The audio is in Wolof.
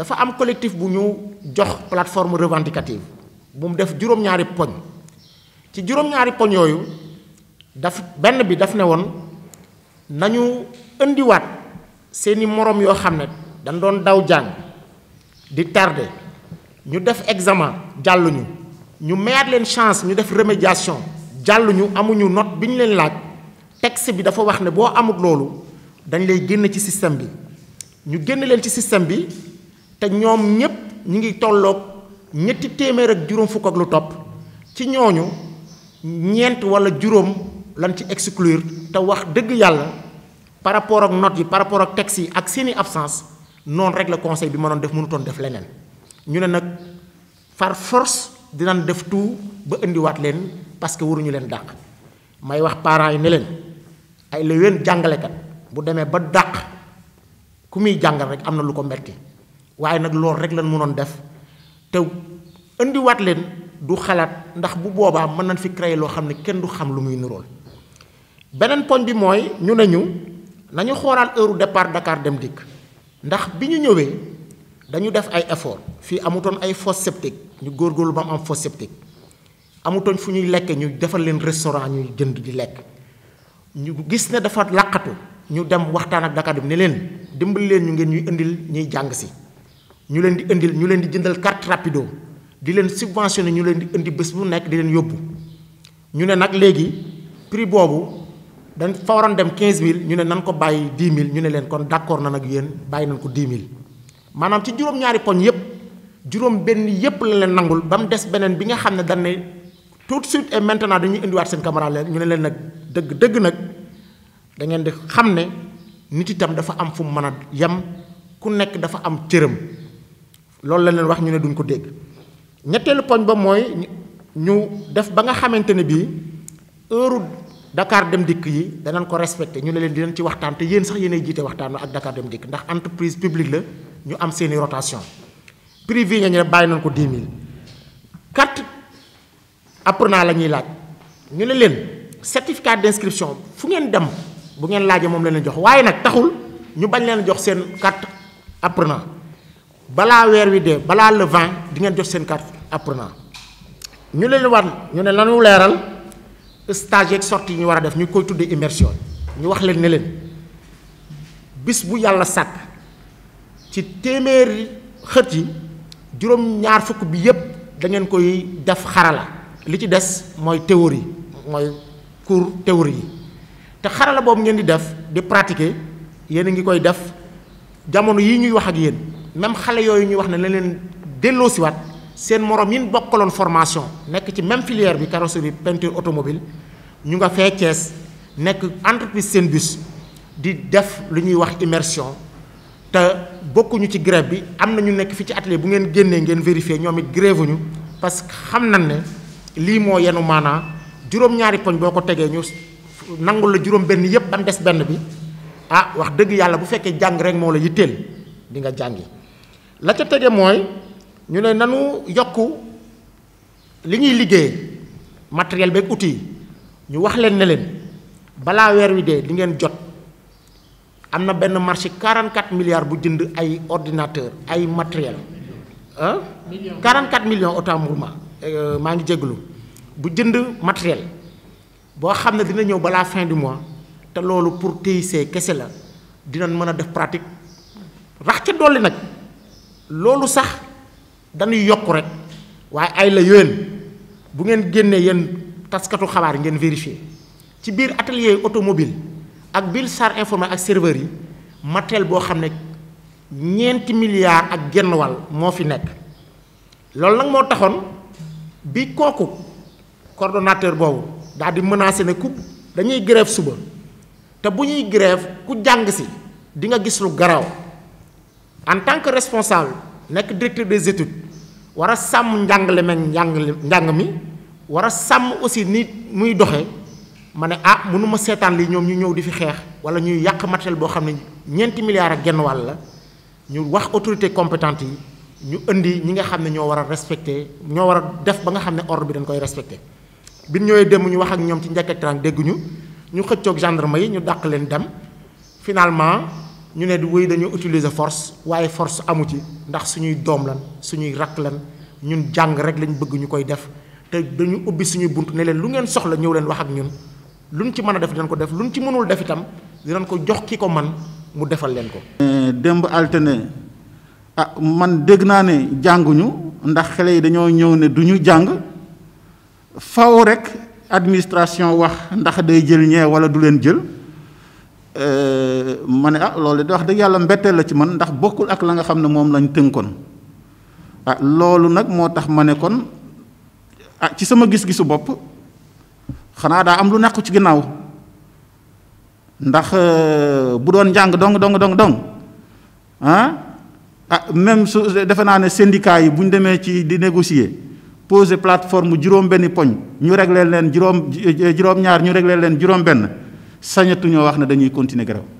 dafa am collectif bu ñu jox plateforme revendicative bu mu def juróom-ñaari poñ ci juróom-ñaari poñ yooyu daf benn bi daf ne woon nañu indiwaat seeni moroom yoo xam ne dañ doon daw jàng di tardé ñu def examen jàlluñu ñu mayaat leen chance ñu def remédiation jàlluñu amuñu not bi ñu leen laaj texte bi dafa wax ne boo amut loolu dañ lay génn ci système bi ñu génn leen ci système bi te ñoom ñépp ñu ngi tollook ñetti téeméer ak juróom fukk ak lu topp ci ñooñu ñeent wala juróom lan ci exclure te wax dëgg yàlla par rapport ak notes yi par rapport ak textes yi ak seeni absence noonu rek la conseil bi ma mënoon def mënutoon def leneen ñu ne nag far force dinan def tout ba indiwaat leen parce que waruñu leen dàq may wax parent yi ne leen ay la ween jàngalekat bu demee ba dàq ku muy jàngal rek am na lu ko metti waaye nag loolu rek lan mënoon def te indiwaat leen du xalaat ndax bu boobaa mën nañ fi créer loo xam ne kenn du xam lu muy nirool beneen poñ bi mooy ñu ne ñu nañu xoolaat heure départ Dakar dem dikk ndax bi ñu ñëwee dañu def ay effort fii amutoon ay fos septique ñu góor góor ba mu am fosse septique amutoon fu ñuy lekkee ñu defal leen restaurant ñuy jënd di lekk ñu gis ne dafa làqatu ñu dem waxtaan ak Dakar bi ne leen dimbali leen ñu ngeen ñuy indil ñuy jàng si. ñu leen di indil ñu leen di jëndal carte rapido di leen subventionné ñu leen di indi bés bu nekk di leen yóbbu ñu ne nag léegi prix boobu dañ fa dem dem mille ñu ne nan ko bàyyi mille ñu ne leen kon d'accord na nag yéen bàyyi nañ ko 10000 maanaam ci juróom-ñaari poñ yépp juróom benn yépp la leen nangul ba mu des beneen bi nga xam ne dañ ne tout de suite et maintenant dañuy indiwaat seen camarade leen ñu ne leen nag dëgg dëgg nag da ngeen di xam ne nit itam dafa am fu mu mën a yem ku nekk dafa am cëram. loolu la leen wax ñu ne duñ ko dégg ñetteelu poñ ba mooy ñu def ba nga xamante ne bii heure Dakar dem dikk yi danañ ko respecté ñu ne leen di leen ci waxtaan te yéen sax yéenay jiite waxtaan ak Dakar dem dikk ndax entreprise publique la ñu am seeni rotation privé ñu ne bàyyi nañ ko 10 000 carte apprenant la ñuy laaj ñu ne leen certificat d'inscription fu ngeen dem bu ngeen laajee moom la leen jox waaye nag taxul ñu bañ leen jox seen carte apprenant balaa weer wi dee balaa levant vingt di ngeen jot seen carte apprenant ñu leen wan ñu ne lanu leeral stage yeeg yi ñu war a def ñu koy tuddee immersion ñu wax leen ne leen bis bu yàlla sàkk ci téeméeri xët yi juróom ñaar fukk bi yépp da ngeen koy def xarala li ci des mooy théorie mooy cours théorie yi te xarala boobu ngeen di def di pratiquer yéen a ngi koy def jamono yi ñuy wax ak yéen même xale yooyu ñuy wax ne leen leen delloosiwaat seen morom yi bokkaloon formation nekk ci même filière bi carrosserie peinture automobile ñu nga fee Thiès nekk entreprise seen bus di def lu ñuy wax immersion te bokkuñu ci grève bi am na ñu nekk fi ci atelier bu ngeen génnee ngeen vérifier ñoom it grève ñu parce que xam nañ ne lii moo yenu maanaa juróom-ñaari poñ boo ko tegee ñu nangul la juróom benn yépp am des benn bi ah wax dëgg yàlla bu fekkee jàng rek moo la yitteel di nga jàngi la ca tege mooy ñu ne nanu yokk li ñuy liggéey matériel beeg outil ñu wax leen ne leen balaa weer wi dee di ngeen jot am na benn marché 44 milliards bu jënd ay ordinateur ay matériel quarant 44 million autant pour moi maa ngi jéglu bu jënd matériel boo xam ne dina ñëw balaa fin du mois te loolu pour TIC kese la dinañ mën a def pratique rax ca dolli nag loolu sax dañuy yokk rek waaye ayla la bu ngeen génnee yéen taskatu xabaar ngeen vérifier ci biir atelier automobile ak biir sar informatique ak serveur yi matériel boo xam ne ñeenti milliards ak genn wàll moo fi nekk loolu nag moo taxoon bi kooku coordonnateur boobu daal di menacé ne ku dañuy grève suba te bu ñuy grève ku jàng si dinga nga gis lu garaaw en tant que responsable nekk directeur des études war a sàmm njàngale meeg njàngale njàng mi war a sàmm aussi nit muy doxe ma ne ah mënuma seetaan lii ñoom ñu ñëw di fi xeex wala ñuy yàq matériel boo xam ne ñeenti milliards ak genn wàll la ñu wax autorité compétente yi ñu indi ñi nga xam ne ñoo war a respecté ñoo war a def ba nga xam ne ordre bi dañ koy respecté bi ñëwee dem ñu wax ak ñoom ci njëkk dégguñu ñu xëccoog gendarme yi ñu dàq leen dem finalement. ñu ne wéy dañoo utiliser force waaye force amu ci ndax suñuy doom lan suñuy rakk lan ñun jàng rek lañ bëgg ñu koy def te dañu ubbi suñu bunt ne leen lu ngeen soxla ñëw leen wax ak ñun luñ ci mën a def dinañ ko def lu luñ ci mënul def itam dinañ ko jox ki ko man mu defal leen ko. Eh, démb altine ah man dégg naa ne jànguñu ndax xele yi dañoo ñëw ne du ñu jàng faw rek administration wax ndax day jël ñee wala du leen jël. ma ne ah loolu de wax dëgg yàlla mbetteel la ci man ndax bokkul ak la nga xam ne moom lañ tënkoon ah loolu nag moo tax ma ne kon ah ci sama gis-gisu bopp xanaa daa am lu nekku ci ginnaaw ndax eh, bu doon njàng dong dong dong dong ah ah même su defe naa ne syndicat yi bu ñu demee ci di négocier poser plateforme juróom-benni poñ ñu reglee leen juróom eh, juróom-ñaar ñu régler leen juróom-benn. sañatuñoo wax ne dañuy continuer grève